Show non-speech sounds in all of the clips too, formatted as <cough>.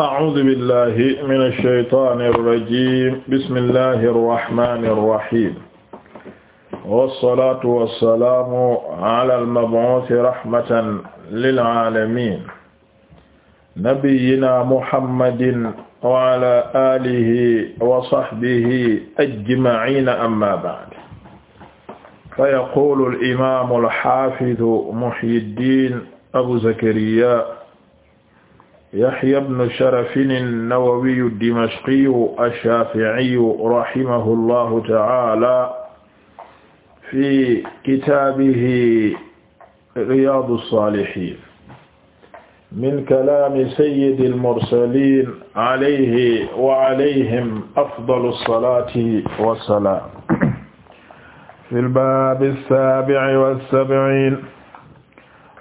أعوذ بالله من الشيطان الرجيم بسم الله الرحمن الرحيم والصلاة والسلام على المبعوث رحمة للعالمين نبينا محمد وعلى آله وصحبه أجمعين أما بعد فيقول الإمام الحافظ محي الدين أبو زكريا Yahya ibn Sharaf an-Nawawi ad-Dimashqi ash-Shafi'i rahimahullahu ta'ala fi kitaabihi Riyaadu s-Saalihiin min kalaami sayyidil mursaliin alayhi wa alayhim afdalu s-salaati wa s-salaam fil baabi s-saabi'i wa s-sab'iin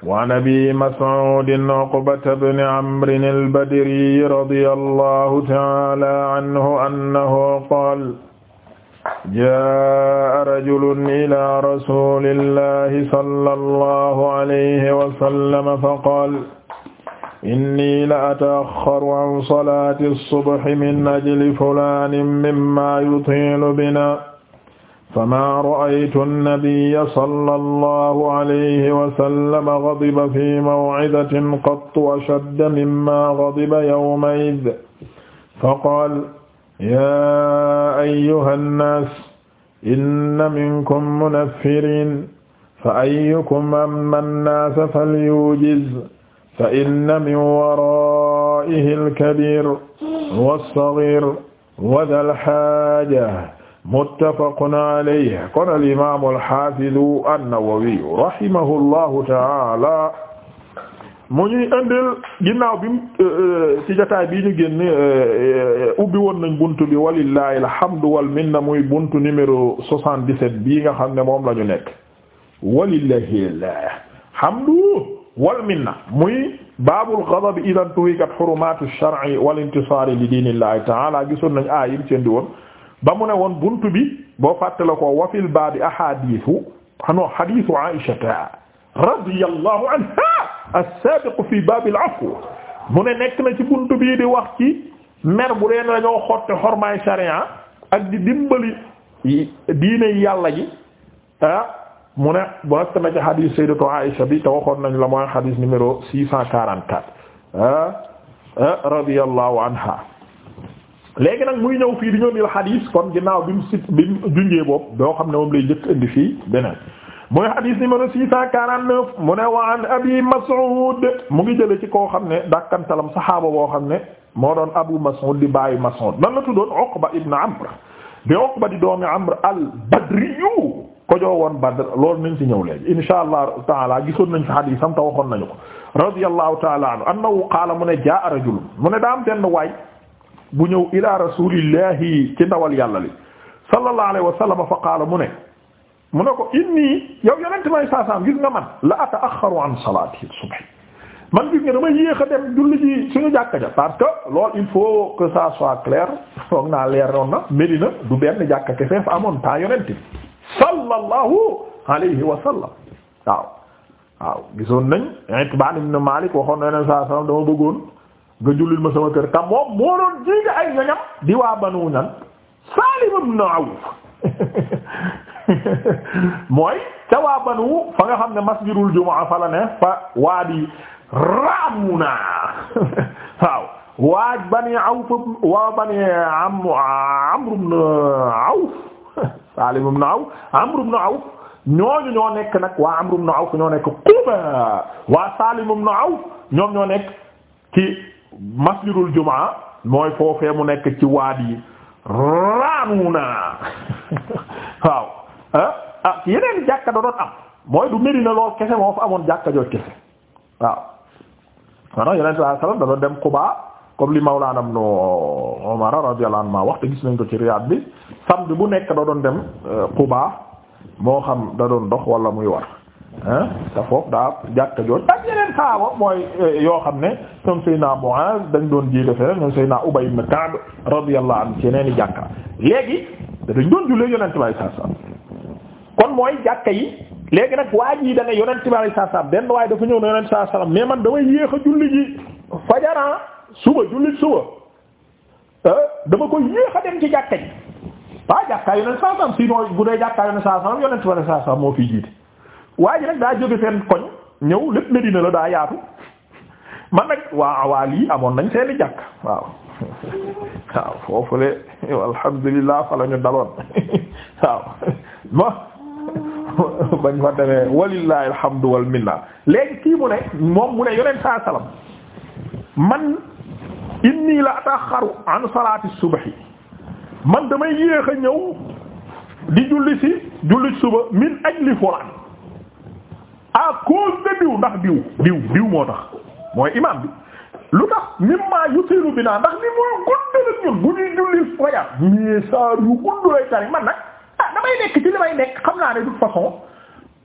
waan abi mas'uudin uqbata bni amrin al-badri radiyallahu ta'ala anhu annahu qaala jaa'a rajulun ilaa rasuulillahi sallallahu alayhi wa sallam faqaala inni la ata'axxaru an salaati as-subhi min ajli fulaanin mimmaa yutiilu binaa فما رأيت النبي صلى الله عليه وسلم غضب في موعظة قط أشد مما غضب يومئذ فقال يا أيها الناس إن منكم منفرين فأيكم أما الناس فليوجز فإن من ورائه الكبير والصغير وذا الحاجة muttafaqun alayhi kon al imaam al haafiz an-Nawawi rahimahullahu ta'ala mu ñuy indil ginnaaw bi euh, euh, ci jotaay bi ñu génn euh, ubbi woon nañ buntu bi walillahi alhamdu wal minna muy buntu numéro 77 bii nga xam ne moom la ñu nekk walillahi alhamdu wal minna muy baabul ghadab idan tuhikat hurumaatu ash-shar'i wal intisaari li diinillahi ta'ala gisoon nañ aayim ci indi woon ba mu ne woon bunt bi boo fàttale ko wa fil baabi ahadiisu xanoo hadiisu Aïsata radiyallahu anha as-saabiqu fi baabil afwi mu ne nekk na ci bunt bii di wax ci mer bu dee dañoo xotte xormaay sharia ak di dimbali diine yàlla ji ah, mu ne bu nekk na ci hadiis sayyidatu Aïsa bi te waxoon nañ la mooy hadiis numéro 644 ah, ah radiyallahu anha léegi nag muy ñëw fii di ñëw di xadis kon ginnaaw bi mu si bi mu junjee boobu doo xam ne moom lay njëkk indi fii beneen mooy xadis numéro 649 mu ne wa an abi Mas'ud mu ngi jëlee ci koo xam ne dàkkantalam saxaaba boo xam ne moo doon Abu Mas'ud di bàyyi Mas'ud nan la tuddoon Uqba ibn Amr di Uqba di doomi Amr al-Badriyu ko joo woon Badr loolu nañ ci ñëw léegi insha allah taala gisoon nañ ci xadisam te waxoon nañu ko radiyallahu taala anhu annahu qaala mu ne jaa rajulun mu ne daam benn waay bu ñëw ila rasulillahi ci ndawal yàlla li sallallahu alayhi wa sallam fa qaala mu ne mu ne ko inni yow yonent may saasaam gis nga man la ataaxaru an salaati subhi man gis nga dama yéex a dem julli ji suñu jàkka ja parce que loolu il faut que ça soit clair foog naa leer noon na Medina du benn jàkka kese amoon temps yonent bi sallallahu alayhi wa sallam waaw gisoon nañ Itbaan ibn Maalik waxoon na yonent saa dama bëggoon nga jullil ma sama kër tam moom moo doon jiite ay ñoñam di waa banu nan Salim ibn Awf <laughs> mooy ca waa banu fa nga xam ne masjidul jumaa fa la ne fa waadi Ramuna <laughs> waaw waa bani Awf waa bani am Amr ibn Awf Salim <laughs> ibn Awf Amr ibn Awf ñooñu ñoo nekk nag waa Amr ibn Awf ñoo nekk Quba waa Salim ibn Awf ñoom ñoo nekk ci masjidul jumaa mooy foofee mu nekk ci waadi Raanuna <laughs> waaw ah, ah yeneen jàkka da doon am mooy du Medina lool kese moo fa amoon jàkka jooju kese waaw. maanaam yeneen saa da doon dem Quba comme li Mawlaana Ibnu Umar radiyallahu anhu gis nañ ko ci Riyad bi samedi bu nekk da doon dem euh, Quba moo xam da doon dox wala muy war. ah te foofu daa jàkka joon ak yeneen saaba mooy eh, yoo xam ne ñoom Seydina Muaz dañ doon jiite feneen ñoom Seydina Ubay ibn Ka'b radiyallahu anhu ci yeneen i jàkka léegi dañ doon jullee yonent bi saa saa kon mooy jàkka yi léegi nag waa ji da ne yonent bi saa saa benn waaye dafa ñëw ne yonent saa saa mais man damay yéex a julli ji fajaran ah, suba julli suba eh, dama koy yéex a dem ci jàkka ji waa jàkka yonent saa saa sinon bu dee jàkka saa moo fi waa ji nag daa jóge seen koñ ñëw lépp Medina la daa yaatu man nag waa awaal yi amoon nañ seeni jàkk waaw <laughs> waaw foofule <laughs> alhamdulilah fa la ñu daloon <laughs> waaw mo bañ fa demee walillahi alhamdu léegi kii mu ne moom mu ne yonent saa salam man inni la ataxaru an salaati subhi man damay yéex a ñëw di julli ci julli suba min ajli fulaan à cause de diw ndax diw diw diw moo tax mooy imam bi lu tax mimma yusiru bi naa ndax ni muy guddalak ñun bu ñuy julli fajar mais saar yu gudd lay tari man nag ah damay nekk ci li may nekk xam naa ne de façon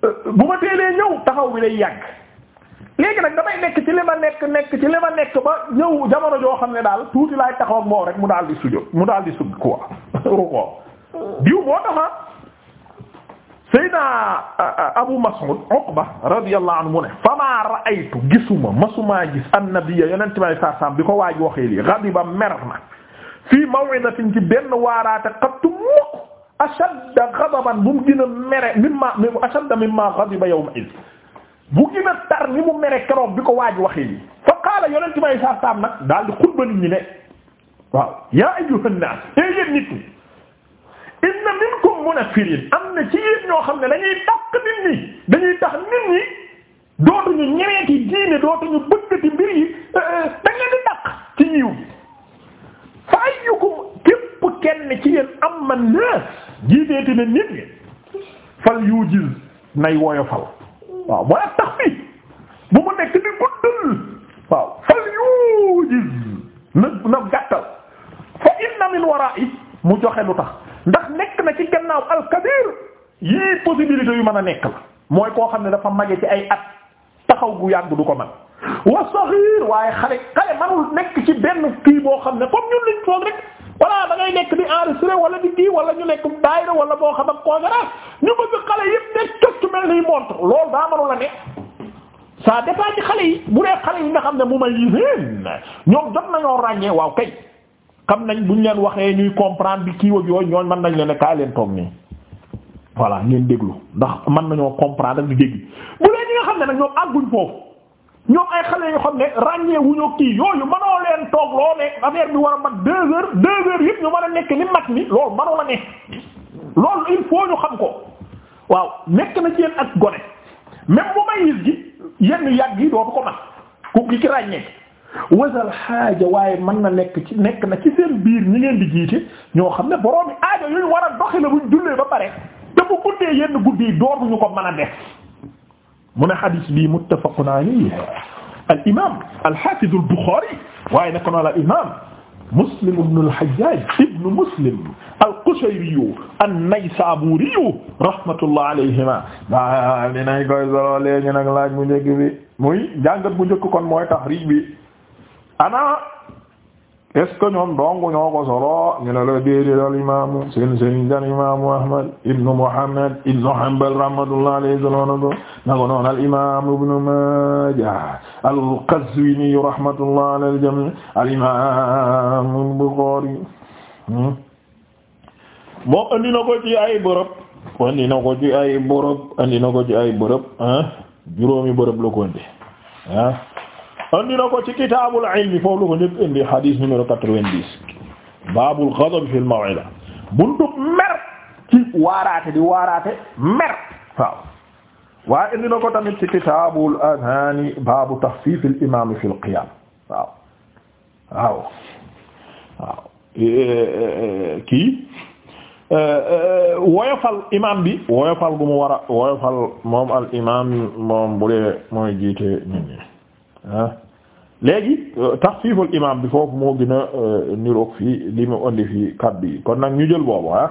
euh, bu ma teelee ñëw taxaw bi day yàgg léegi nag damay nekk ci li ma nekk nekk ci li ma nekk ba ñëw jamono joo xam ne daal tuuti laay taxaw ak moom rek mu daal di sujjóot mu daal di sujjóot quoi <laughs> ruko diw moo tax ah. Seydina Abu Mas'ud Uqba radiyallahu anhu mu ne famaa ra'aytu gisuma masumaa gis annabiyya yonent bi saa saam bi ko waaj waxee lii ghadiba mer na fii maw'idatin ci benn waaraate qattu mukk ashadda ghadaban bu mu gën a mere mimma ashadda mimma ghadiba yawma'idh bu gën a tar ni mu mere keroog bi ko waaj waxee lii fa qaala yonent bi saa saam nag daal di xutba nit ñi ne waaw yaa ayyuhan naas inna minkum munafirin am na ci yéen ñoo xam ne dañuy takk nit ñi dañuy tax nit ñi dootuñu ñeweeti diine dootuñu bëggati mbir yi euh, euh, da di takk ci yiw fa ayyukum képp kenn ci yéen am man naas jiiteeti ne nit ñi fal yujiz nay woyofal waaw mooy ak tax bi bu mu nekk di guddal waaw fal yujiz na na gàttal fa inna min wara'i mu joxe lu tax ndax nekk na ci gannaaw alkabir yii possibilité yu mën a nekk la mooy koo xam ne dafa mage ci ay at taxaw gu yàgg du ko man wa saxiir waaye xale xale manul nekk ci benn kii boo xam ne comme ñun liñ foog rek voilà nekk di wala di wala ñu nekk daayira wala boo xam ak conférence ñu bëgg xale yëpp nekk cocc mel ni montre loolu daa manul ne ça dépend ci xale yi bu dee xale yi nga xam ne mu may yiseen ñoom jot nañoo ràññee waaw kay xam nañ bu ñu leen waxee ñuy comprendre bi kii wag yooyu ñooñ mën nañ leen kaa leen toog nii voilà ngeen déglu ndax man nañoo comprendre ak di dégg bu leen ñi nga xam ne nag ñoom àgguñ foofu ñoom ay xale yoo xam ne ràññee wuñu kii yooyu mënoo leen toog loo ne affaire bi war a yëpp ñu mën a nekk ni mat ni loolu mënoo la ne loolu il faut ñu xam ko waaw nekk na ci yéen ak gone même bu may gis gi yenn yàgg yi dootu ko mat ku ki ràññee. wasal waaye mën na lekk ci nekk na ci seen biir ni ngeen di jiite ñoo xam ne borom aajo yooyu war a doxi la buñ jullee ba pare te bu guddee yenn guddi dootuñu ko mën a def mu ne xadiis bii muttafaqun alayhi al imaam al haafiz al buxaari waaye nag kon al imaam muslim ibn al hajjaaj ibn muslim al qushayri an naysaabuuri rahmatullah alayhima waaw dinañ koy solo léegi nag laaj bu jàngat bu njëkk kon mooy taxriij bi. ana est ñoom dong ñoo ko solo ñu ne la déedéet al imaamu seen seen al imaamu Ahmad ibnu Muhammad ibnu Hanbal rahmatullah alayhi soloona ko nako noon al imaamu ibnu Maaja al Qazwini rahmatullah ala al jamii al imaamu al-Bukhari hmm? moom andi na ci ay bërëb andi na ci ay bërëb andi na ci ay bërëb ah? andi na ko ci kitaabul ilmi foofu la ko njëkk indi hadith numéro quatre-vingt-dix baabul ghadab fil maw'ida buntu mer ci waaraate di waaraate mer waaw waaye indi na ko tamit ci kitaabul adhaani baabu takhfiifil imaam fil qiyaam waaw waaw waaw eh, eh, eh, kii woyofal imaam bi woyofal gu mu war a woyofal moom al imaam moom bu dee mooy jiite nit ñi léegi euh, taxfiiful imaam bi foofu moo gën a euh, niroog fii li mu indi fii kaddu yi kon nag ñu jël boobu ah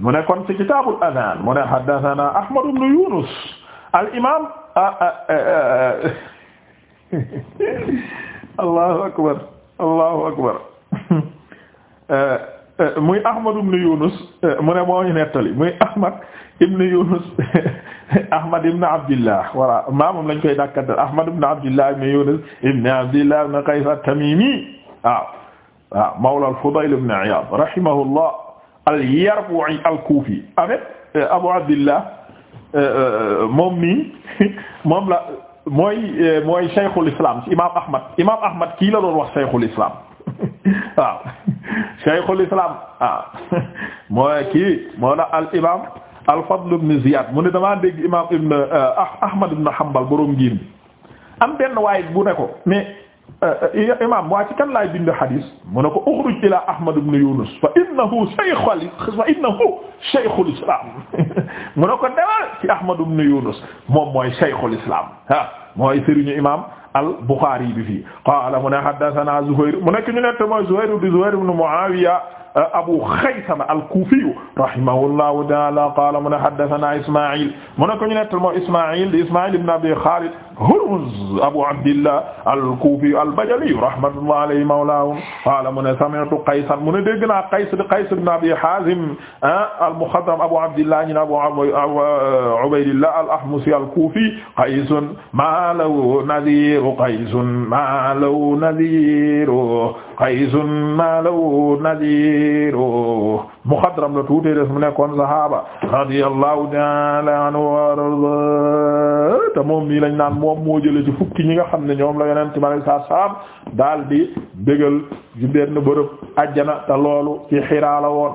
mu ne kon ci kitaabul adaan mu ne haddasanaa Ahmad ibn Yunus al <laughs> allahu akbar allahu akbar <laughs> euh, muy Ahmad ibn Yunus mu ne moo ñu nettali muy Ahmad ibn Yunus <laughs> Ahmad ibn Abdillah voilà maa moom lañ koy dàkkantal Ahmad ibn Abdillah ibn Yunus ibn Abdillah ibn Qays at-Tamimi waaw waaw mawla al-Fudayl ibn Iyad rahimahullah al-Yarbu'i al-Kufi avec euh, Abu Abdillah euh, euh, moom mi <laughs> moom la mooy mooy Shaykhul Islam Imam Ahmad Imam Ahmad kii la doon wax Shaykhul Islam <laughs> waaw Shaykhul Islam ah mooy kii moo la al imam al-Fadl ibn Ziyad mu ne damaa dégg imaam ibn euh, ah, Ahmad ibn Hanbal borom ngir am benn waay bu ne ko mais euh, euh, imaam waa ci kan laay bind xadis mu ne ko uxruj ila Ahmad ibn Yunus fa innahu shaykhul fa innahu shaykhul islam <laughs> mu ne ko demal ci Ahmad ibn Yunus moom mooy shaykhul islam ah mooy sëriñu imaam al-Bukhari bi fii qaala mu ne haddathana Zuhayr mu nekk ñu ne mooy Zuhayr ibn Zuhayr ibn Muawiya Euh, Abu Xaysama al-Kuufiyu rahimahullahu ta'ala qaala mu ne haddasanaa Ismaa'il mu ne ko ñu nettal moo Ismaa'il di Ismaa'il ibn Abi Xaalid Hurmuz Abu Abdillah al-Kuufiyu al-Bajaliyu rahmatullahi alayhi mawlaahum qaala mu ne sami'tu Qaysan mu ne dégg naa Qays di Qays ibn Abi Haazim ah, al-Muxaddam Abu Abdillah ñu ne Abu Ubaydillah al-Ahmusi al-Kuufi Qaysun maa lahu naziiru Qaysun maa lahu naziiru Qaysun maa lahu naziiru sagiru muxadram la tuuti des mu nekkoon sahaaba radiyallahu ta'ala anhu warda moom nii lañ naan moom moo jële ci fukki ñi nga xam ne ñoom la yonent ma lay saa saam daal di bégal ci benn bërëb ajjana te loolu ci xiraa la woon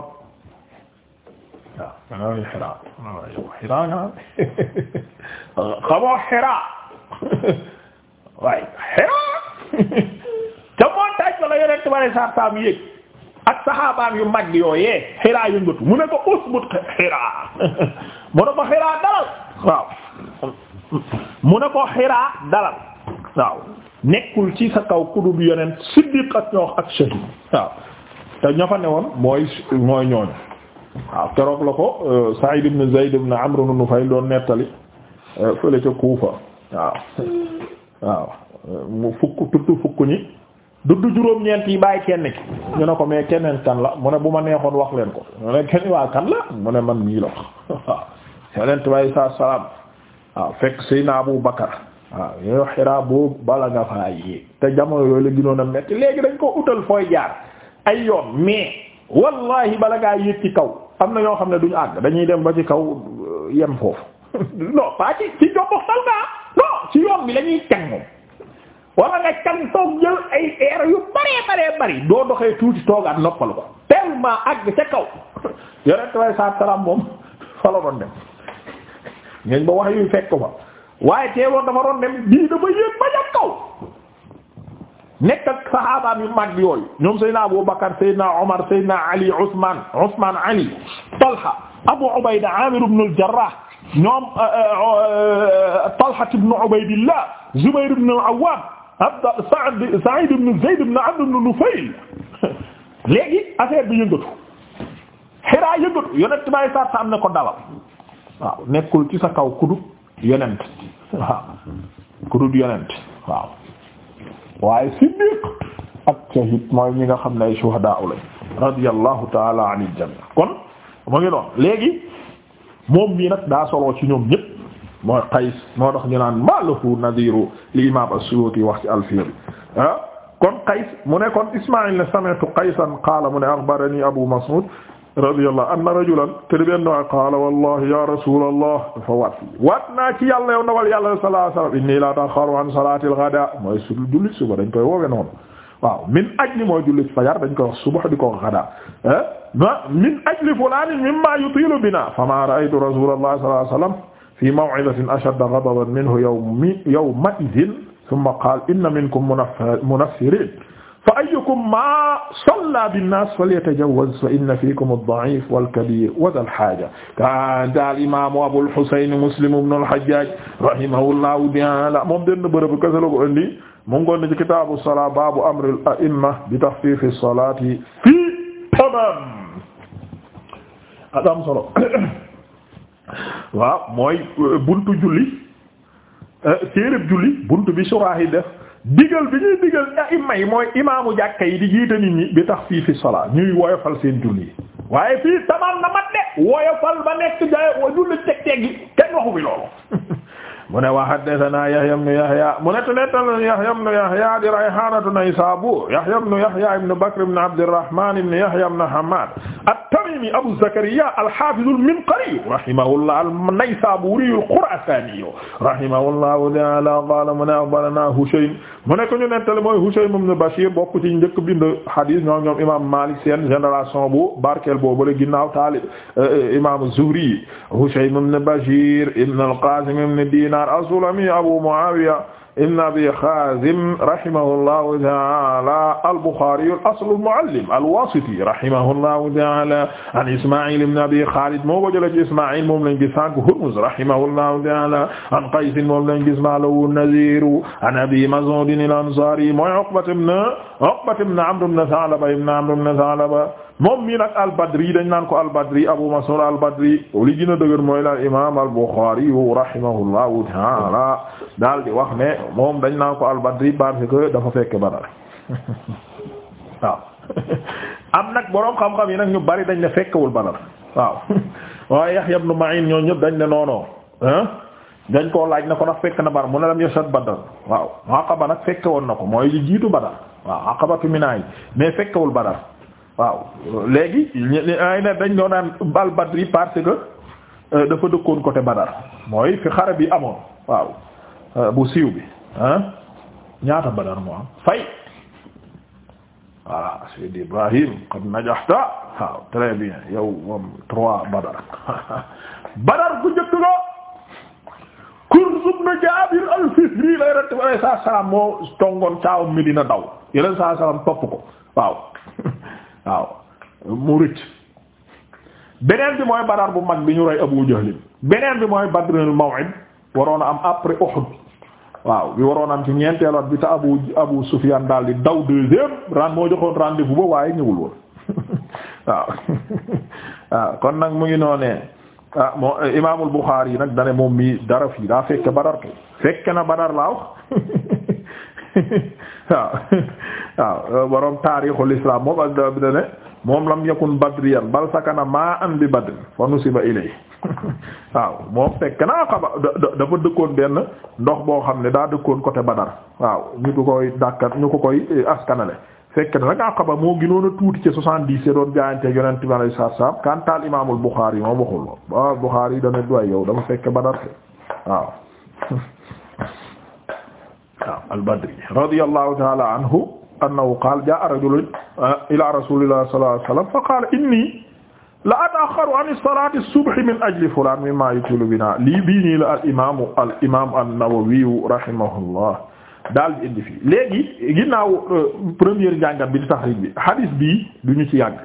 waaw mana xiraa mana yow xiraa nga <laughs> xamoo xiraa <laughs> waaye xiraa <laughs> ca montagne ba la yonent ma lay saa saam yéeg saxaabaam yu mag yooyee xiraa yëngatu mu ne ko usbut xiraa <laughs> mu ne ko xiraa dalal waaw mu ne ko xiraa dalal waaw nekkul ci sa kaw kudub yonent siddiq ñoo ak shahid waaw te ña fa ne woon mooy mooy ñooñu waaw keroog la ko euh, Sa'id ibn Zayd ibn Amr ibn Nufayl doon nettali euh, fële ca Kuufa waaw waaw euh, mu fukk tuttu fukk ñi dudd juróom-ñeent yi bàyyi kenn ki ñu ne ko mais keneen kan la mu ne bu ma neexoon wax leen ko ñu ne kenn waa kan la mu ne man nii la waaw <laughs> yonent bi alei salaatu salaam waaw fekk Seydina Abu Bakar waaw yow xiraa boobu bala nga faa yéeg te jamono yooyu la ginoon a metti léegi dañ ko utal fooy jaar ay yoon mais wallahi bala ngaa yéeg ci kaw am na ñoo xam ne duñu àgg dañuy dem ba ci kaw yem foofu <laughs> non pas ci ci jox ko sal non ci yoon bi lañuy teg moom wala nga can toog jël ay air yu bëree bëree bëri doo doxee tuuti toogaat noppalu ko tellement àgg ca kaw <laughs> yonent way sa salaam moom <laughs> fa la doon yu fekk fa waaye teewoon dafa doon dem bii dafa yéeg ba ca kaw Abu Bakar Seydina Omar Seydina Ali Abu Ubayda Amir ibn al-Jarrah ñoom uh, uh, uh, Talha ibn Ubaydillah Zubayr ibn Abda Saïd Saïd ibn Zayd ibn Amr ibn Nufayl léegi affaire bi yëngatu Hira yëngatu yonent may saa sa am ne ko dalal waaw nekkul ci sa kaw kudub yonent waaw kudub yonent waaw waaye siddiq ak shahid mooy ñi nga xam ne ay shuhadaa lañ radiyallahu ta'ala anil jami' kon mu ngi doon léegi moom mii nag daa soloo ci ñoom ñépp mooy Qays moo tax ñu naan maalahu nadiru li imam as-Suyuti wax ci alfiya bi ah kon Qays mu ne kon Ismaïl ne sami'tu Qaysan qaala mu ne akhbarani Abu Mas'ud radiyallahu anna rajulan tëribeen na qaala wallahi ya rasulallah dafa waat waat naa ci yàlla yow ndawal yàlla sallallahu alayhi wa sallam inni la ata'akhkharu an salati al-ghada mooy su jullit suba dañ koy woowe noonu waaw min ajli mooy jullit fajar dañ koy wax subax di ko wax gada ah eh, min ajli fulanin mimma yutilu bina fama ra'aytu rasulallahi sallallahu alayhi wa sallam fi maw'izatin ashadda ghadaban minhu yawmi yawma idhin thumma qaala inna minkum munaffiriin fa ayyukum maa sallaa bin-naas falyatajawwaz fa inna fiikum ad-da'iif wal-kabiir wa dhal-haaja kaana al-imaam Abul Husayn Muslim ibn al-Hajjaaj rahimahullahu ta'aala moom benn bërëb kese la ko indi mu ngi woon ci kitaabu salaa baabu amril a'imma bi taxfiifi salaati fii tamaam waaw mooy euh, bunt julli euh, téereb julli bunt bi suraax yi def digal bi ñuy digal imma yi mooy imaamu jàkka yi di jiite nit ñi bi tax fii fi solaa ñuy woyofal seen julli yi waaye fii tamaam na mat de woyofal ba nekk jaay wa julli teg teg yi kenn waxu fi loolu <laughs> mu ne wa haddathana Yahya ibn Yahya mu ne te nettali Yahya ibn Yahya di Rayhanatu Naysabur Yahya ibn Yahya ibn Bakr ibn Abdurrahman ibn Yahya ibn Hammad at-Tamimi Abu Zakariya al-Hafiz al-Minqari rahimahullah an-Naysaburi al-Khurasani rahimahullahu ta'ala qala mu ne akhbarana Husaym mu ne ko ñu nettali mooy Husaym ibn Bashir bokk ci njëkk bind hadith ñoom ñoom imam Malik seen génération bu barkeel boobu la ginnaaw taalib euh, euh, imam Zuhri Husaym ibn Bashir ibn al-Qasim ibn Dinar Dinar as-Sulami Abu Muawiya ibn Abi Khazim rahimahullahu ta'ala al-Bukhari al-asl al-muallim al-Wasiti rahimahullahu ta'ala an Isma'il ibn Abi Khalid moo ko jëlee ci Isma'il moom lañ gis sànq Hurmuz rahimahullahu ta'ala an Qays moom lañ gis Ma'law an-Nazir an Abi Maz'ud al-Ansari mooy Uqba ibn Uqba ibn Amr ibn Tha'laba ibn Amr ibn Tha'laba moom mii nag al-Badri dañ naan ko al-Badri Abu Mas'ud al-Badri li gën a dëgër mooy la imaam al-Bukhari rahimahullahu ta'ala daal di wax ne moom dañ naan ko al-Badri parce que dafa fekk Badar <laughs> waaw <laughs> am nag boroom xam-xam yi nag ñu bari dañ ne fekkewul Badar waaw <laughs> waaye Yahya ibn Ma'in ñoo ñëpp dañ ne noonoo dañ koo laaj na ko ndax fekke na Badar mu a lam yashad Badar waaw Aqaba nag fekke woon na ko mooy li jiitu Badar waaw Aqaba fi Mina mais fekkewul Badar waaw léegi ay dañ doon bal badri parce que euh, dafa dëkkoon côté Badar mooy fi xare bi amoon waaw euh, bu siiw bi ah ñaata Badar moo am fay voilà waaw très bien yow moom trois <laughs> al-Fihri la Yonent topp ko waaw <laughs> waaw mu rëcc beneen bi mooy badar bu mag bi ñu rey Abu Jahl beneen bi mooy badrul maw'id waroon a am après Uhud waaw bi waroon am ci ñeenteelu at bi te Abu Abu Sufyan daal di daw deuxième ren moo joxoon rendez-vous ba waaye ñëwul woon <laughs> waaw <laughs> waaw kon nag mu ngi noonee ah moo Imaamul Bukhari nag dane moom mi dara fii daa fekke Badar ko fekke na Badar laa wax <laughs> waaw waaw euh, borom taarixul islam moom ak da ne moom lam yakun badriyan bal sakana maa an bi badr fa nusiba ilay <laughs> waaw moom fekk naa xaba dafa dëkkoon benn ndox boo xam ne daa dëkkoon côté Badar waaw ñu ko koy dàkkan ñu ko koy eh, askanale fekk na nag àqaba moo gënoon a tuuti ci soixante-dix ya doon jaayante yonent bi alayhi salaam kantaal imaamul Buxaari yi moom waxul waaw Buxaari yi dana duway yow dafa fekk Badar waaw <laughs> waaw al Badri annahu qaala jaa'a rajulun ah, ilaa rasuulillah sallallahu alayhi wa sallam fa qaala la ata'axxaru an salaati subhi min ajli fulaan mimmaa yutiilu binaa lii bii nii al imaamu al imaam an di indi fii léegi ginnaaw euh, première njàngat bi di bi hadis bii du ñu ci yàgg.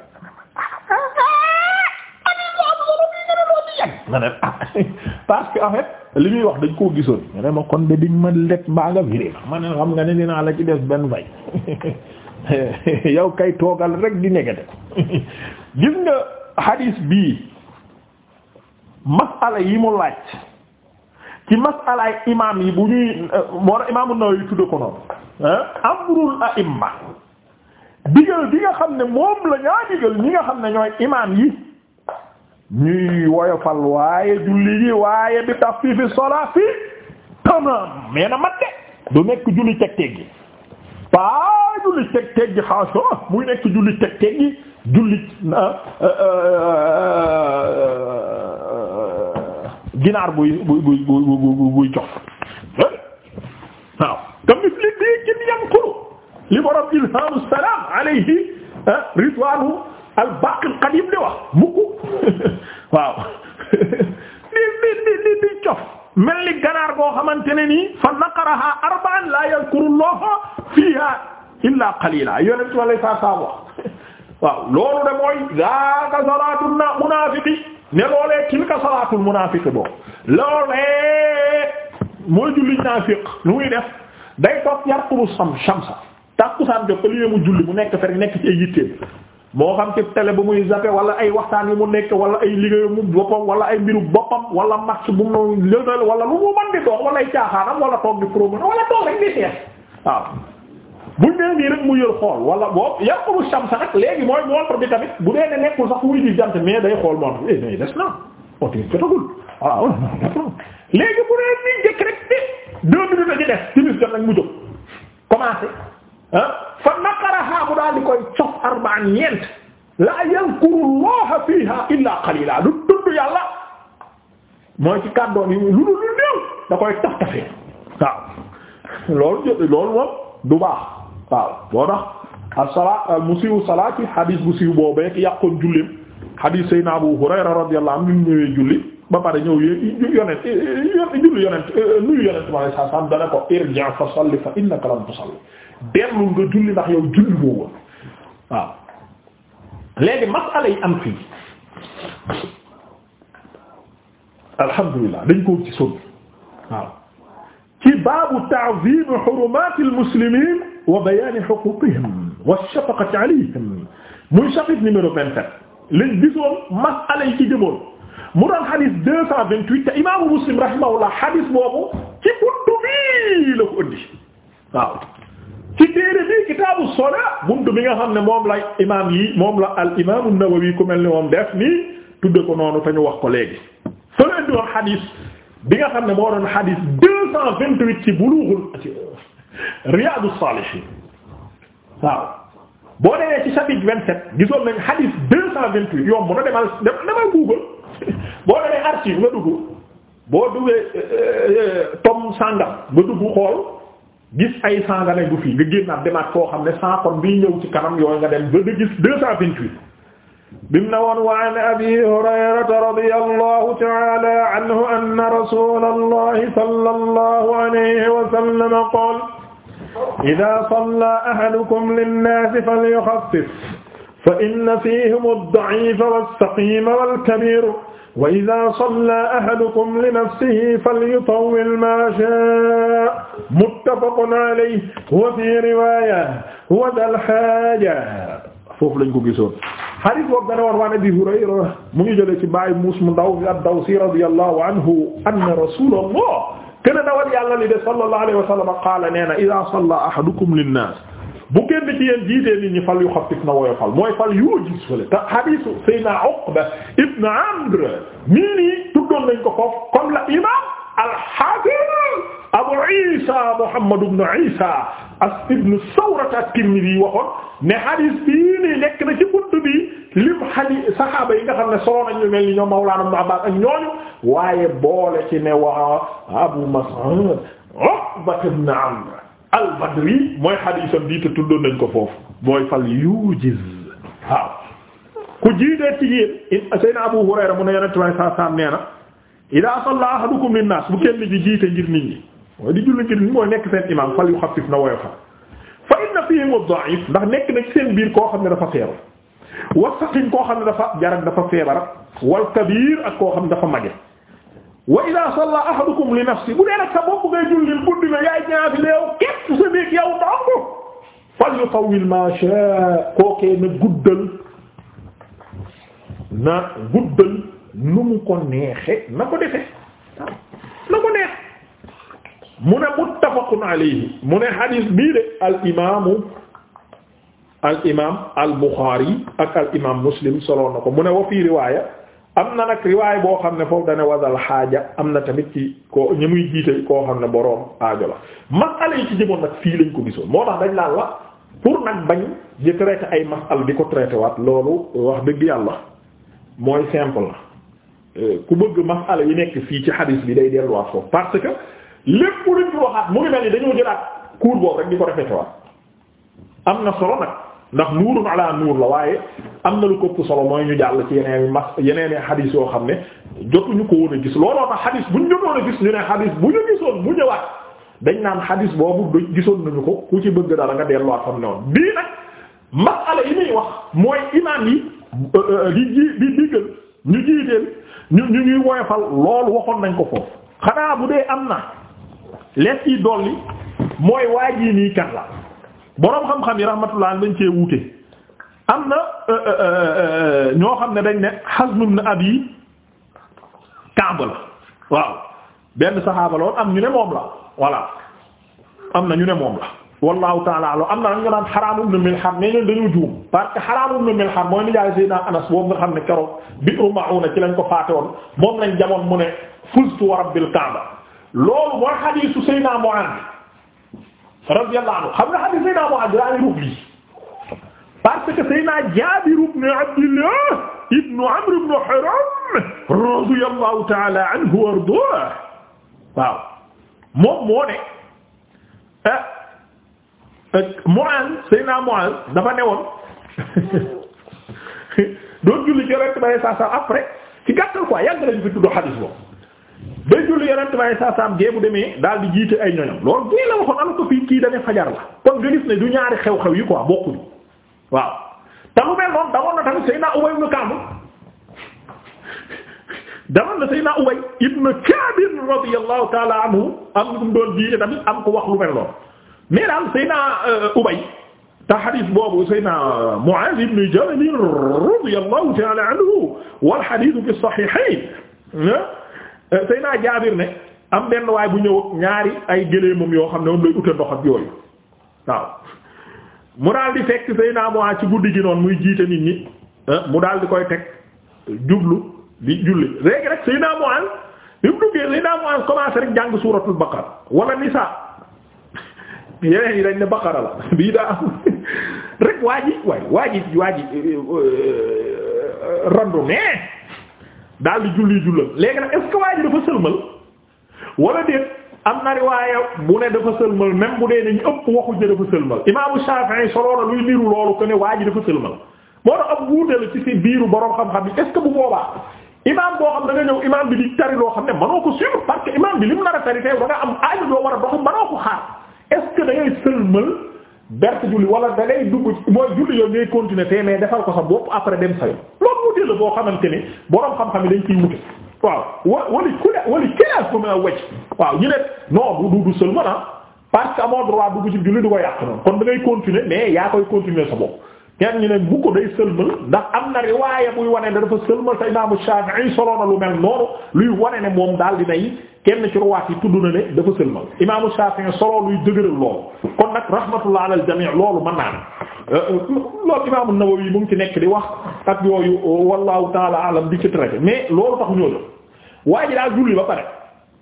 <laughs> <laughs> parce li ñuy wax dañ koo gisoon ñu ne ma kon de diñ ma let mbaa nga viré ma ne xam nga ne dinaa la ci def benn fay <laughs> yow kay toogal rek di nekkate <laughs> gis nga hadis bii masala yi mu laaj ci masalaay imaam yi bu ñuy moo tax imaam An-Nawawi tudde ko noonu amrul a'imma digal bi nga xam ne moom la ñaa digal ñi nga xam ne ñooy imaam yi ñuy woyofal waaye julli yi waaye bi tax fii sola fi tamam mais na mat de nekk julli teg teg gi paa julli teg teg gi xaaso muy nekk julli teg teg gi julli ah, ah, ah, ginaar buy buy buy buy buy jox li dee gin yam kuru li borom ilhamu salaam alayhi ridwaanu al baqil qadim di wax mukk <laughs> waaw di di di di di cof mel ni ganaar goo fan ne nii fa naqaraha arba'an la yadhkurullaha fiha illa qalila yonent bi alay saa wax loolu de mooy zaaka salaatul munaafiqi ne loolee tilka salaatul munaafiqi boobu loolee mooy julli naafiq lu muy def day toog yarquru sam shamsa tàkkusaan jot au lieu mu julli mu nekk fer nekk ci yitteem moo xam ci télé bu muy zappe wala ay waxtaan yi mu nekk wala ay liggéeyu mu boppam wala ay mbiru boppam wala match bu mu lënal wala lu mu mën di dox wala ay caaxaanam wala toog di promené wala toog rek di waaw buñ nee nii mu yor xool wala boobu yàqulu samsa nag léegi mooy montre bi tamit bu dee ne nekkul sax wuy di jant mais day xool montre bi day eh, des na oto oh, jotagul voilà léegi bu dee nii njëkk rek bi eh, deux minutes a ci des timis jot nag mu jóg Ah? fa naqaraha mu daal di koy cof arba'an ñeent laa fiha illa qalila du tudd mooy ci kàddoon yi lu lu néew da koy taf tafee waaw loolu loolu moom du baax waaw boo tax as-salaat al-musii'u salaati xadiis bu siiw boobee ki yàqoon jullim xadiis sayna Abu Hurayra radiyallahu anhu ñu ñëwee julli ba pare ñëw yonent julli yonent nuyu yonent ma sallallahu alayhi wasallam ko irji' fa salli fa innaka tusalli dellul nga julli ndax yow julli boo woon waaw léegi masala yi am dañ ko ci sóob waaw ci baabu ta'zim hurumat al-muslimin wa bayan huquqihim wa shafaqati alayhim muy chapitre numéro vingt-sept lañ gisoon masala yi ci jëmoon mu doon xadis deux cent Muslim rahimahullah xadis boobu ci buntu bi la ko ci téere bi kitaabu sola buntu bi nga xam ne moom la imaam yi moom la al imaam an-Nawawi ku mel ni moom def nii tudde ko noonu te ñu wax ko léegi fële doon xadiis bi nga xam ne moo doon xadiis deux cent vingt-huit ci Bulughul Riyadus Salihin waaw boo demee ci chapitre vingt-sept gisoon nañ xadiis deux cent vingt-huit yomb na demal demal Google boo demee archive nga dugg boo duggee euh, euh, euh, tom sàngam nga dugg xool gis ay cent nga ne du fii nga génnaat demaat koo xam ne cent kon biy ñëw ci kanam yooyu nga dem ba nga gis deux cent vingt-huit bim na woon wa an abi hurayrata radiyallahu ta'ala anhu anna rasulallahi sallallahu alayhi wa sallam qaala idaa sallaa ahadukum linnaasi falyuxaffif fa inna fiihim ad-da'iifa was-saqiima wal-kabiira wa idaa sallaa ahadukum li nafsihi falyutawwil maa shaa'a muttafaqun alayhi wa fii riwaaya wa dhal haaja foofu lañ ko gisoon. hadith boobu dana war waan Abi Hurayra mu ngi jëlee ci baay muus mu ndaw bi ad-Dawsi radiyallahu anhu anna rasuulallah kana dawal yàlla li de sallallahu alayhi wa sallam qaala nee na idaa sallaa ahadukum lin-naas bu kenn ci yéen jiitee nit ñi fal yu xafif na woyofal mooy fal yoo gis fële te hadiisu Seydina Uqba ibn Amr nii nii tuddoon nañ ko foofu comme la imam al-Hafiz Abu Isa Muhammad ibn Isa as ibn Sawrat at-Tirmidhi waxoon ne hadiis bii nii nekk na ci buntu bi saxaaba yi nga xam ne solo nañu mel ni ñoom Mawlaana Ibn Abbaas ak ñooñu waaye boole ci ne waa Abu Mas'ud Uqba ibn Amr al badri mooy xadiisam bii te tuddoon nañ ko foofu mooy fal yujiz waaw ku jiitee ci yéen Seydina Abu Hurayra mu ne yonent way saa saam nee na idaa salla ahadukum linnaas bu kenn ji jiite ngir nit ñi mooy di julli ngir nit mooy nekk seen imaam fal yu xafif na woyofa fa inna fihim ad-da'if ndax nekk seen biir koo xam ne dafa feebar wa saqim koo xam ne dafa jarak dafa feebar wal kabir ak koo xam ne dafa mage wa ida salla ahadukum li nafsi bu dee nag sa bopp ngay jullil guddi na yaay ñaafi léew képp sa néeg yow dong fal yutawil ma shaa kookee na guddal na guddal nu mu ko neexe na ko defe na ko neex mu ne muttafaqun alayhi mu ne hadis bii de al imaamu al imaam al buxaari ak al imaam muslim soloon na ko mu ne wa fii riwaaya am na nag riwaay boo xam ne foofu dane wasal xaaja am na tamit ci ko ñi muy jiite koo xam ne boroom aajo la masala yi ci jëmoon nag fii lañ ko gisoon moo tax dañ naan la pour nag bañ di traiter ay masal di ko traiter waat loolu wax dëgg yàlla mooy simple na euh, ku bëgg masala yi nekk fii ci hadis bi day delluwaat foofu parce que lépp luñ waxaat mu ngi mel ni dañoo jëlaat cours boobu rek di ko répéter am na solo nag ndax na ala nuur la waaye am na lu ko ëpp solo mooy ñu jàll ci yeneen i mas yeneen i xadis yoo xam ne jotuñu ko woon a gis looloo tax xadis buñ jotoon a gis ñu ne bu ñu gisoon bu ñëwaat dañ naan xadis boobu gisoon nañu ko ku ci bëgg dara nga delluwaat xam ne woon bii nag masala yi muy wax mooy imaam yi euh, euh, di ji di diggal ñu jiiteel ñu ñu ñuy woyofal loolu waxoon nañ ko foofu xanaa bu dee am na lees yi dolli mooy waa jii nii kat la boroom xam-xam yi rahmatullah dañ cee wuute am na euh, euh, euh, ñoo xam ne dañ ne Hazm ibn Abi Ka'b la waaw benn saxaaba lool am ñu ne moom la voilà am na ñu ne moom la wallahu taala alam am na ñu naan Haraam ibn Milhan ne leen dañu juum parce que Haraam ibn Milhan mooy nijaay Seydina Anas boobu nga xam ne keroog Bi'ru Ma'una ci lañ ko faate woon moom lañ jamoon mu ne fuztu wa rabbil Kaaba loolu mooy hadiisu Seydina Mu'aaz radiyallahu anhu xam nga hadith Seydina Mu'aaz laa ruub lii parce que Seydina Jaabir ibn Abdillah ibn Amr ibn Haram radiyallahu ta'ala anhu wa ardaahu waaw moom moo ne eh, eh, Mu'aaz Seydina Mu'aaz dafa newoon <laughs> doon julli ci Yonent bi sallallahu alayhi wa sallam après ci gàttal quoi yàgg lañu fi tudd hadith boobu day julli yonent bi saa gee bu demee daal di jiite ay ñoñom loolu gii la waxoon am ko fii kii dane fajar la kon nga gis du ñaari xew-xew yi quoi bokkuñu waaw te lu mel noonu damoon na tamit Seydina Ubay ibn Ka'b damoon na ta'ala am ko wax lu mel noonu daal Seydina euh, Ubay te xadis boobu Seydina euh, Mu'aaz ibn Jabal radiyallahu ta'ala anhu wal xadiisu fi saxiixayn Euh, Seydina Jaabir ne am benn waay bu ñëw ñaari ay gëléemam yoo xam ne moom lay ute ndox ak yooyu waaw mu daal di fekk Seydina Muaaz ci guddi gi noonu muy jiite nit ñi mu daal di koy teg jublu di julli léegi rek Seydina Muaaz bi mu duggee Seydina Muaaz commencé rek jàng suuratul Baqara wala Nisaa yeneen yi dañ ne Baqara la <laughs> bii daa am rek waa ji waay waa ji waa ji euh, euh, randu nee daal di julli jullam léegi nag est-ce que waa ji dafa sëlmal wala déet am na riwaaya bu ne dafa sëlmal même bu dee ne ñu ëpp waxuñ ne dafa sëlmal imaamu Shafi'i solo na luy niru loolu ko ne waa ji dafa sëlmal moo tax ab wuute la ci si biiru borom xam-xam bi est-ce que bu boobaa imaam boo xam da nga ñëw imaam bi di tari loo xam ne mënoo ko suivre parce imaam bi li mu nar a tari tey da am aaju doo war a dox mënoo ko xaar est-ce que da sëlmal. bert julli wala da ngay dugg mooy julli yooyu ngay continuer te mais defal ko sa bopp après dem sa yoon loolu mu la boo xamante ni boroom xam-xam yi dañ ciy wute waaw wa wali kula wali kilaas bu ma wecc waaw ñu ne non du du seulement ah, parce que amoo droit dugg ci julli du ko yàq noonu kon da continuer mais yaa koy continuer sa bopp kenn ñu ne mu ko day sëlmal ndax am na riwaaya buy wone ne dafa sëlmal te imaamu Shaafi'i solo na lu mel noonu luy wone ne moom daal dinay kenn ci ruwaat yi tudd na ne dafa sëlmal imaamu Shaafi'i solo luy dëgëral loolu kon nag rahmatullah ala al jamii loolu mën naa ne euh, euh, loolu imaamu Nawawi mu ngi ci nekk di wax ak yooyu wallahu taala alam di ci traité mais loolu tax ñoo jël waaye ji daal julli ba pare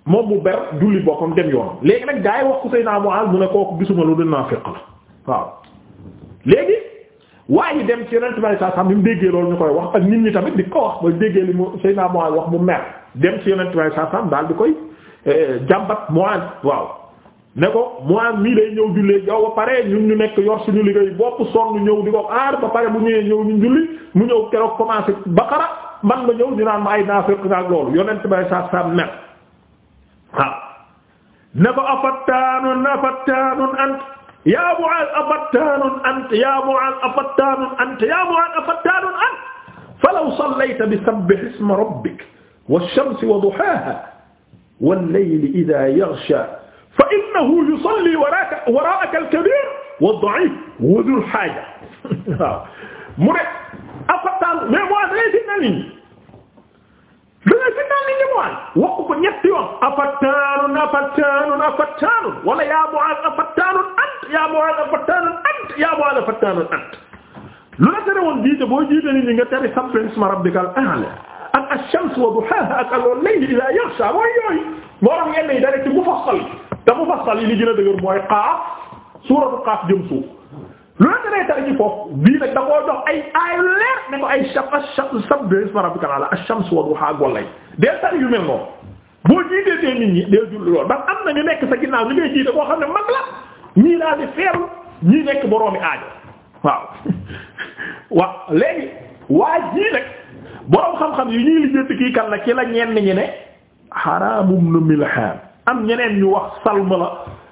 moom mu ber julli boppam dem yoonam léegi nag gaa yi wax ko Seydina Mu'aaz mu ne kooku gisuma lu dul naafiq la waaw léegi waaye dem ci yonent bi sallallahu alayhi wasallam bi mu déggee loolu ñu koy wax ak nit ñi tamit di ko wax ba déggee li mu Seydina Mu'aaz wax mu mer dem ci yonent bi sallallahu alayhi wasallam daal di koy eh, jàmbat Mu'aaz waaw ne ko Mu'aaz mii day ñëw jullee yow ba pare ñun ñu nekk yor suñu liggéey bopp sonn ñëw di ko aar ba pare bu ñëwee ñëw ñu julli mu ñëw keroog commencé Baqara man ma ñëw ñu naan ma ay naafiq ak loolu yonent bi sallallahu alayhi wasallam mer waaw ne ko afattaanun afattaanun ant yaa Mu'aaz afattaanun anta yaa Mu'aaz afattaanun anta yaa Mu'aaz afattaanun anta falaw sallayta bisabbih isma rabbika wash-shamsi wa duhaahaa wal-layli idhaa yaghshaa fa innahu yusallii waraaka waraa'aka al-kabiir wad-da'iif wa dhul-haaja <laughs> waaw mu ne afattaan mais Mu'aaz dangay fitnaal nit ñi Mu'aaz waxu ko ñetti yoon afattaanun afattaanun afattaanun wala yaa Mu'aaz afattaanun ant yaa Mu'aaz afattaanun ant yaa Mu'aaz afattaanun ant lu la tere woon jiite boo jiite nit ñi nga tere sabbi isma rabbikal a'la ak ash-shams wa duhaaha ak al-layli idhaa yaghshaa mooy yooyu moo tax yenn yi dara ci mufassal te mufassal yi li a dëgër qaaf suuratu lu la gën a tar ci foofu bii nag da koo ay ay leer ne ko ay shab ash-shams sabbi isma rabbika ala ash-shams wal duha gollay deel tar yu mel noonu boo jiitee nit ñi deel julli lool ndax am na ñu nekk sa ginnaaw ñu ngay jiite koo xam ne mag la ñii daal nekk boroomi aajo waaw <laughs> waaw léegi waa jii nag boroom xam-xam yi ñuy lijjanti kii kan la ci la ñenn ñi ne xaraamum nu milhaan am ñeneen ñu wax salma la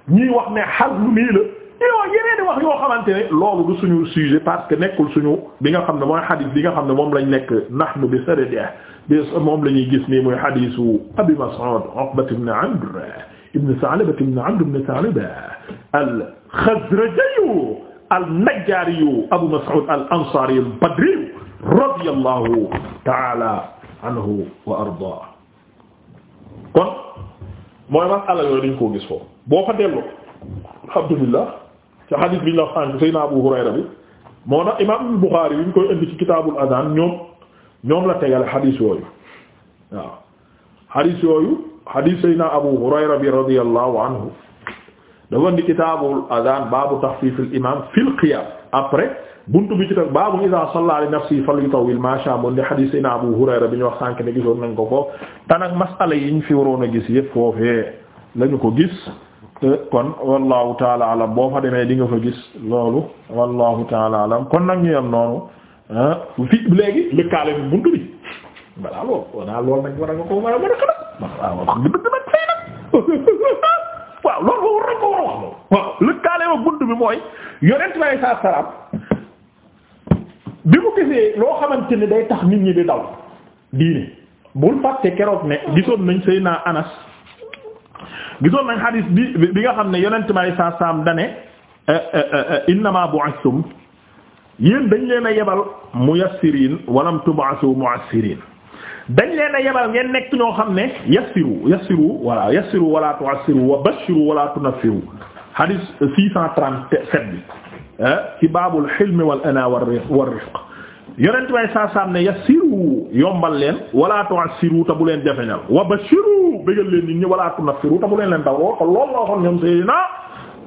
ñuy wax ne xas lu nii la yow yeneen di wax yoo xamante ne loolu du suñu sujet parce que nekkul suñu bi nga xam ne mooy xadis bi nga xam ne moom lañ nekk nahnu bi saradeh bi moom la ñuy gis nii mooy xadisu Abi Mas'ud Uqbat ibn Amr ibn Sa'laba ibn Amr ibn Sa'laba al-Khazraji al-Najjari Abu Mas'ud al-Ansari al-Badri radiyallahu ta'ala anhu wa ardaa kon mooy masala yooyu dañ koo gis foofu boo fa dellu alhamdulillah te xadis bi la sànq Abu Hurayra bi moo tax imaam Buxaari bi ñu ñoom la tegale xadis yooyu waaw xadis yooyu xadis Seydina Abu Hurayra bi radiyallahu anhu dafa indi kitaabul adaan baabu taxfiifil imaam fil qiyaam après buntu bi ci teg baabu idaa sallaa li nafsihi falyutawwil maa shaa'a mu ne xadis Abu Hurayra bi ñu wax sànq ne gisoon nañ ko foofu te yi ñu fi waroon a gis yëpp foofee lañu ko gis. kon wallahu taala boo fa demee di nga fa gis loolu wallahu taala kon nag ñu am noonu ah, fi léegi lëkkaale bi buntu bi balaa loolu wanaa loolu nag war war a wax lëkkaale ba buntu bi mooy yonent bi saa salaam bi mu gisee loo xamante ne day tax nit ñi di daw diine bul fàtte keroog ne gisoon nañ Seydina Anas gisoon nañ xadis bi bi nga xam ne yonent bi alayhi salaatu salaam dane innama bu'ithtum yéen dañ leen a yebal muyassirin walam tub'asu mu'assirin dañ leen a yebal ngeen nekk ñoo xam ne yassiru yassiru wala yassiru wala tu'assiru wa bashiru wala tunaffiru xadis 637 bi ci baabul hilmi wal ana war rifq yonent bay saasaam ne yassiru yombal leen wala tu'assiru ta bu leen jafeñal wa bashiru bëggal leen nit ñi wala tunaffiru ta bu leen leen daw lool kon loolu loo xam ñoom Seydina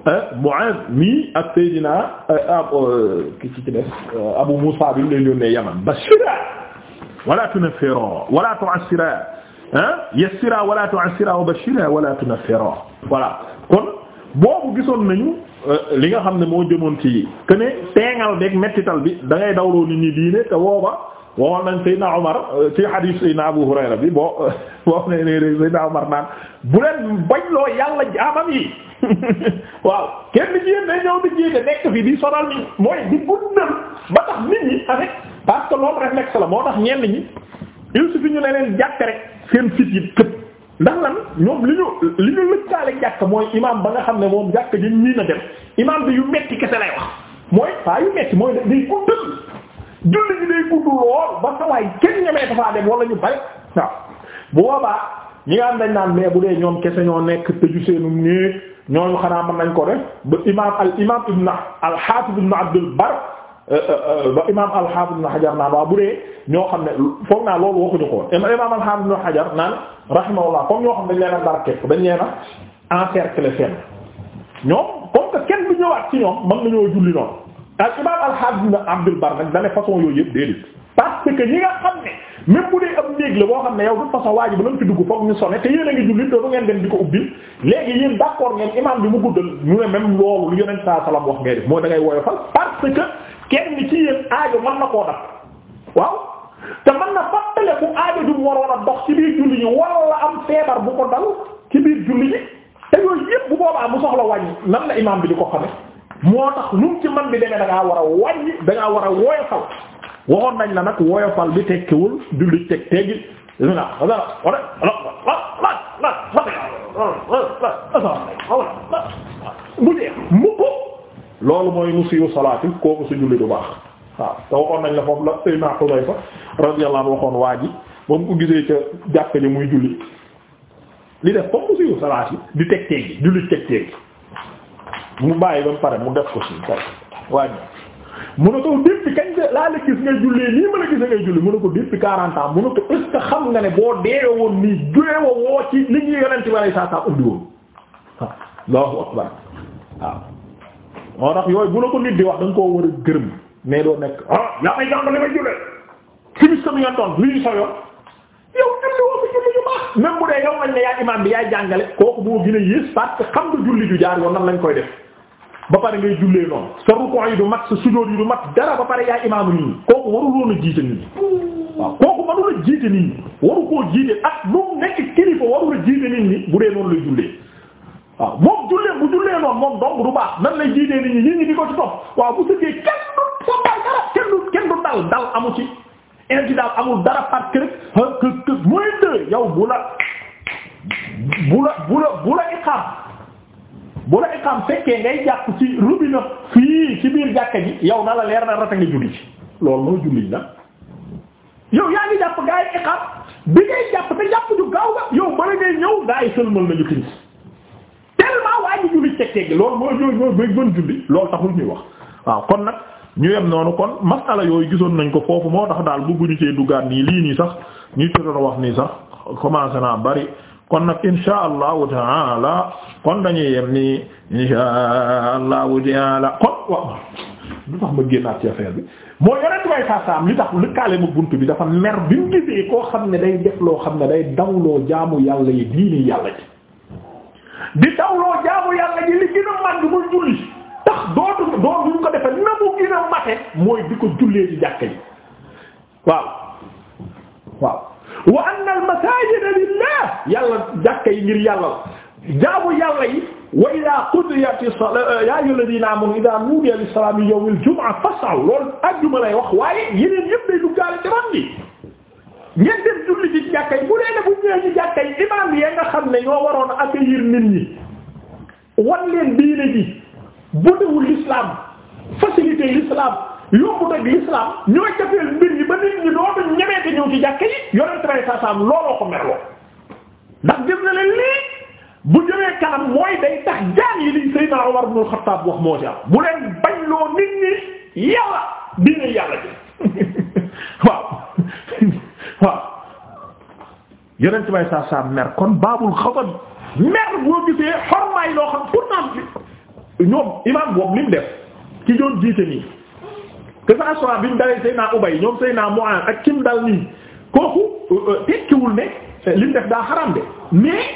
eh, Muaz mii ak Seydina eh, eh, ki ci des Abu Musa bi leen yónnee Yaman bashira wala tunaffira wala tu'assira yassira wala tu'assira wa bashira wala tunaffira voilà kon boobu gisoon nañu Euh, li nga xam ne moo jëmoon ci que ne teengal beeg mettital bi da ngay dawloo nit ñi diine te wooba waxoon nañ Seydina Omar euh, ci hadith Seydina Abu bi boo <laughs> boo ne ne rek Seydina Omar naan bu leen bañloo yàlla jaamam yi <laughs> waaw kenn ci yéen day ñëw di jiite nekk fi di sonal ni mooy di guddal ba tax nit ñi avec parce que loolu réflexe la moo tax ñenn ñi il suffit ñu ne leen jàkk rek seen fit yi tëb ndax lan ñoom li ñu li ñu lëkkaale jàkk mooy imaam ba nga xam ne moom jàkk ji nii na dem imaam bi yu metti kese lay wax mooy pas yu metti mooy day guddal julli lool ba sa kenn ñemee dafaa dem wala ñu bari bu boobaa ñi nga am dañ naan mais bu dee ñoom kese ñoo nekk tëju seenum néeg ñooñu xanaa man nañ ko def ba imaam al imaam ibn al haafid ibn abdul bar Euh, euh, euh, ba imaam al-Hafiz ibn Hajar naan waa bu dee ñoo xam ne foog naa loolu waxuñu ko woon imaam al-Hafiz ibn Hajar naan rahimahullah comme ñoo xam dañ leen a a encercler fenn ñoom comme que kenn du ñëwaat ci ñoom mën nañoo julli noonu al imaam al-Hafiz ibn Abdul Barr nag dane façon yooyu yëpp déedéet parce que ñi nga xam ne même bu dee am néeg la boo xam ne yow de façon waa ji ba lañ fi dugg foog ñu sonné te yéen a ngi julli dootu ngeen dem di ko ubbi léegi yéen d'accord ngeen imaam bi mu guddal ñu ne même loolu lu yonent saa kenn ci yéen aajo mën na koo dab waaw te mën na fàttale bu aajo jum waroon a dox ci biir julli ñi walla am feebar bu ko dal ci biir julli ñi te yooyu yépp bu boobaa mu soxla wàññi nan la imaam bi di ko xame moo tax lu ci man bi demee da ngaa war a wàññi da war a woyofal waxoon nañ la nag woyofal bi tekkiwul julli teg teggi bismillah bu jeex mu ko loolu mooy nu siiw salaati kooku su julli du baax waaw te waxoon nañ la foofu la Seydina Xudayfa radiyallahu anhu waxoon waa ji ba mu ko gisee ca jàkka ja muy julli li def comme mu siiw salaati di teg teg gi julli teg teg mu bàyyi ba mu pare mu def ko si kay waa ji mu ne ko depuis kañ laa la gis ngay jullee nii ma la gis ngay julli mu ne ko depuis quarante ans mu ne ko est-ce que xam a ne boo deewe woon nii deewe woo ci li ñuy yonent bi sallallahu alayhi moo tax yooyu bu la ko nit di wax da koo war a gërëm mais doo nekk ah yaa may jàng li may jullee simis ko mi nga doon li yoon yow yaay jàngale kooku moo gën parce que xam ju jaar yoon nan lañ koy def ba pare ngay jullee noonu sa ruku yi du mat sa a jiite nit ñi waaw kooku manula nekk kilifa warula jiite nit ñi bu dee noonu lay jullee waaw moom jullee bu jullee noonu moom dong du baax nan lay jiitee nit ñi nit ñi di ko ci topp waaw bu sëggee kenn du sa dara kenn du kenn du dal dal amu ci inti daal amul dara parce que rek mooy dë yow bu la bu la bu la bu la iqaam bu la iqaam fekkee ngay jàpp ci robinet fii ci biir jàkka ji yow na la leer na rata nga julli ci loolu mooy julliñ la yow yaa ngi jàpp gaa yi bi ngay jàpp te jàpp ju gaaw ga yow bala ngay ñëw gaa yi sëlmal nañu timis tellement waa ñu julli ceg teggi loolu mooy ñooy ñooy julli loolu taxul ñuy wax waaw kon nag ñu yem noonu kon masala yooyu gisoon nañ ko foofu moo tax daal bëgguñu cee duggaat nii lii nii sax ñu ci wax nii sax commencé naa bari kon nag insha allahu taala kon dañuy yem nii insha allahu taala kon waaw lu tax ma génnaat ci affaire bi moo yonent way saasaam li tax lëkkaale ma bunt bi dafa mer bi mu gisee koo xam ne day def loo xam ne day dawloo jaamu yàlla yi di dawloo jaamu yàlla ji li gën a màgg mooy julli tax dootu dootuñu ko defe na mu gën a mate mooy di ko jullee ci jàkka yi waaw waaw wa anna al masajida lillah yàlla jàkka yi ngir yàlla jaamu yàlla yi wa ida qudiyati salaa ya ayyuha alladhina amanu ida nudiya lis-salati yawm al-jum'ah fas'aw loolu ajjuma lay wax waaye yeneen yëpp day duggaale ci ron bi ngeen dem julli ci jàkka yi bu dee ne bu ñëwee ci jàkka yi imaam yi nga xam ne ñoo waroon a accueillir nit ñi wan leen diine ji bodewul l'islam facilité l'islam yóbbu nag l'islam ñoo jafeel mbir yi ba nit ñi dootuñ ñemeete ñëw ci jàkka yi yore traité sa saam looloo ko merloo ndax def na leen lii bu jëmee kanam mooy day tax jaan yi liñ Seydina Umar ibn Xattaab wax moo bu leen bañ loo nit ñi yàlla diine yàlla ji <laughs> waaw yeneen ci may saa saa mer kon baabul xatab mer boo gisee xormaay loo xam pourtant bi ñoom imaam boobu lim ki doon jiite nii que ça soit bi mu dalee Seyna Ubay ñoom Seyna Mu'an ak kim nii kooku euh, tekkiwul ne euh, lim def daa xaram de mais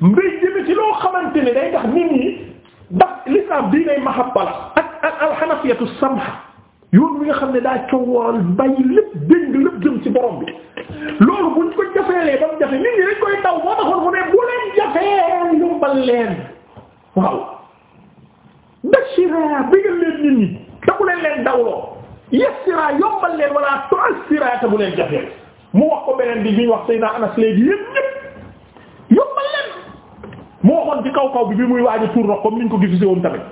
mbay jëme loo xamante ne day tax nit ñi ndax l'islam diinay mahabba la ak ak alxanafiyatu samha yoon mi nga xam ne daa coowal bàyyi lépp dégg lépp jëm ci borom bi loolu buñ ko jafeelee ba mu jafe nit ñi dañ koy taw moo taxoon mu ne bu leen jafee yombal leen waaw bashira bégal leen nit ñi te bu leen leen dawloo yassira yombal leen wala tu'assira te bu leen jafee mu wax ko bi bi ñu wax Seydina Anas léegi yéen ñëpp yombal leen mu waxoon ci kaw kaw bi muy waaj a tour comme niñ ko gisee woon tamit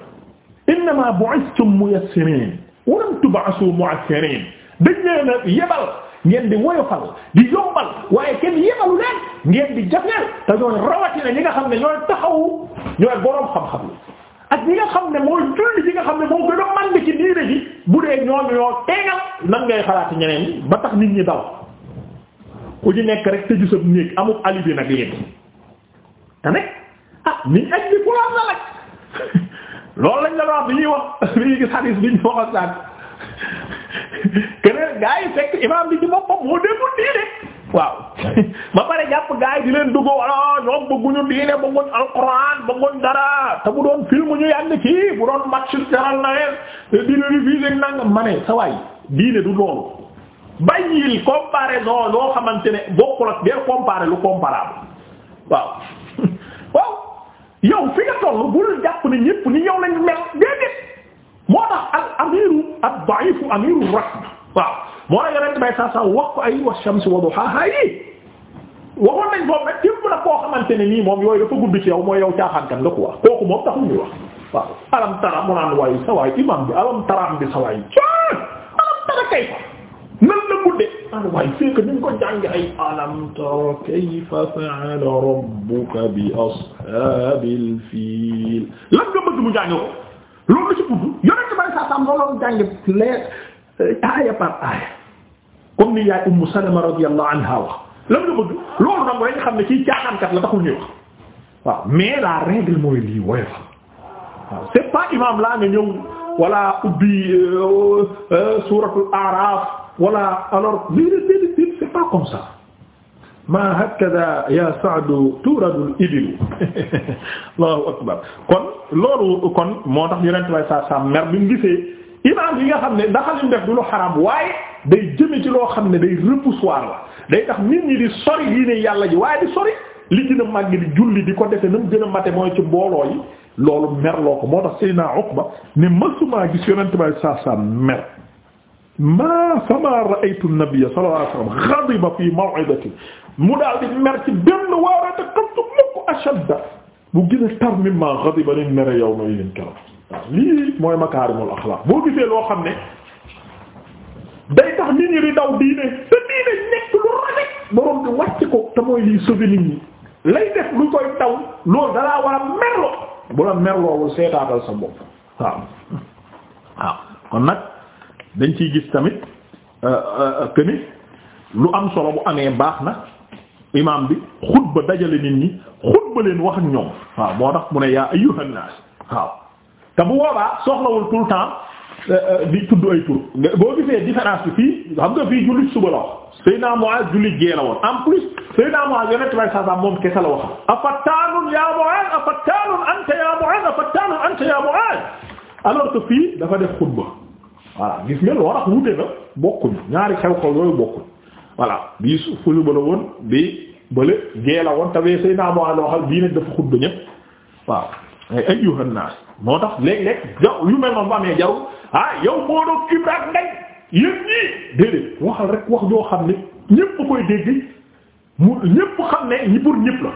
innama bu'ithtum muyassirin wa lam tub'asu mu'assirin dañ leen yebal ngeen di woyofal di yombal waaye kenn yebalu leen ngeen di jafeel te ñooy rawatina ñi nga xam ne ñooy taxawu ñooy boroom xam-xam yi ak ñi nga xam ne mooy julli yi nga xam ne moo gën a mànd bu dee ñooñu teegal nan ngay xalaati ñeneen ñi ba tax nit ñi daw ku ci nekk rek tëju sa néeg amul alibi nag léegi te nag ah nit ak bi fulaan la nag <laughs> loolu lañ la wax bi ñuy wax bi ñuy gis hadis bi ñu waxoon <laughs> keneen gaa yi fekk imaam bi ci boppam moo déggul diine waaw <laughs> ba pare jàpp gaa yi di leen dugg walla ñoom bëgguñu diine bëgguñ alxuraan bëgguñ dara te bu doon film ñu yàgg ci bu doon match jaral na leen di réviser nangam ma ne sa waay diine du loolu bàyyil comparaison loo xamante ne bokkul ak benn comparer lu comparable waaw <laughs> waaw yow fi nga tollu bul jàpp ne ni yow lañ mel déedéet moo al amiru ad daifu amiru rahma waaw moo la yonent bay saa saa wax ko ay wa shamsi wa duhaha yi waxoon nañ moom nag képp nag koo xamante ne nii moom ci yow mooy yow caaxaankat nga ko wax kooku moom taxul ñuy wax alam tara mu naan waayu sa waay imam bi bi alam tara kayfa nan la gudde an waay fekk ñu ko jàng ay loolu ci gudd yonent bay saa saam loolu doon jàngi leer euh, aaya par aaya comme ni yaay Ummu Salama radiyallahu anha wax lan nga bëgg loolu nag mooy nga xam ne ci caaxaankat la taxul ñuy wax waaw mais la règle mooy lii woyofal waaw c'est pas imam laa nga ñëw wala ubbi euh, euh, suuratul Araf wala alors déedéet déedéet c'est pas comme ça. ma hakada ya saadu turadul ibilu allahu akbar kon loolu kon moo tax yonent way saa saam mer bi mu gisee imam yi nga xam ne ndaxal ñu def du lu xaraam waaye day jëme ci loo xam ne day repoussoir la day tax nit ñi di sori yi ne yàlla ji waaye di sori li gën a màgg di julli di ko defe na mu gën a mate mooy ci mbooloo yi loolu merloo ko moo tax Seydina Uqba ne masumaa gis yonent way saa saam mer ma fama ra'aytu an-nabiyya sallallahu alayhi wasallam ghadiba fi maw'idatin mu daal di mer ci benn waara te xamtu mukk ashadda bu gën a tar mimma mere yow ma yéen waaw lii mooy makaarimul axlaaq boo gisee loo xam ne day tax nit ñi di daw diine te diine nekk lu rafet borom bi wàcc ko te mooy lii sauver nit ñi lay def lu koy daw loolu dalaa war a merloo bu la merloowul seetaatal sa bopp waaw kon nag dañ ci gis tamit euh, euh, que lu am solo bu amee baax na imaam bi xutba dajale nit ñi xutba leen wax ak ñoom waaw moo tax mu ne yaa ayyuhan naas waaw te bu boobaa soxlawul tout temps euh, euh, di tudd ay tur boo gisee différence bi fii xam nga fii jullit suba la wax Seydina Muaaz la woon a plus Seydina moom kese la wax afattaanun yaa Muaaz afattaanun anta yaa yaa Muaaz alors que fii dafa def xutba voilà gis nga loo tax wute na bokkuñu ñaari xew-xew yooyu bokkuñu voilà bii su fuñu bala woon bii bële gee la woon tawee say naa moo ànd waxal bii nag dafa xutba ñëpp waaw ay ayyuhan naas moo tax léeg-léeg yow yu mel noonu bu jarul ah yow moo doon kibraat ngay yéen ñii déedéet waxal rek wax joo xam ne ñëpp koy dégg mu xam ne ñi pour la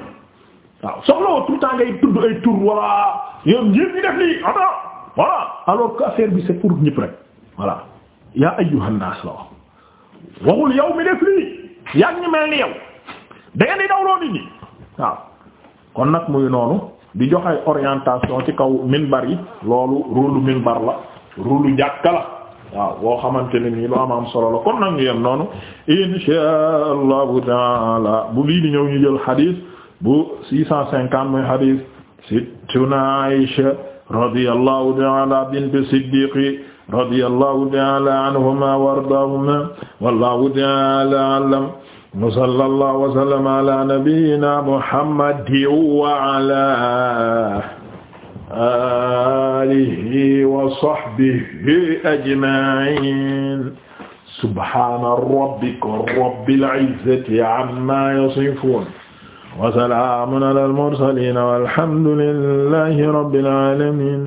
waaw soxla woo tout le ngay tudd ay tur wala yéen ñi def lii voilà alors que affaire bi c'est pour ñëpp rek voilà yaa ayyuhan naas la wax. waxul yow mi def yaa ngi mel ni yow da ngeen di dawloo nit ñi kon nag muy noonu di jox ay orientation ci kaw minbar yi loolu rôle minbar la rôle njàkka la waaw boo xamante ne nii lu am am solo la kon nag ñu yem noonu insha allahu taala bu lii di ñëw ñu jël xadiis bu six cent cinquante muy xadiis sittuna Aïsha radiyallahu Siddiqi radiyallahu ta'ala anhuma wa ardaahuma wallahu ta'ala a'lam wa sallallahu wa sallama ala nabiyyina muhammadin wa ala alihi wa sahbihi ajma'in subhana rabbika rabbil izzati amma yasifun wa salamun ala al mursalin walhamdulillahi rabbil alamin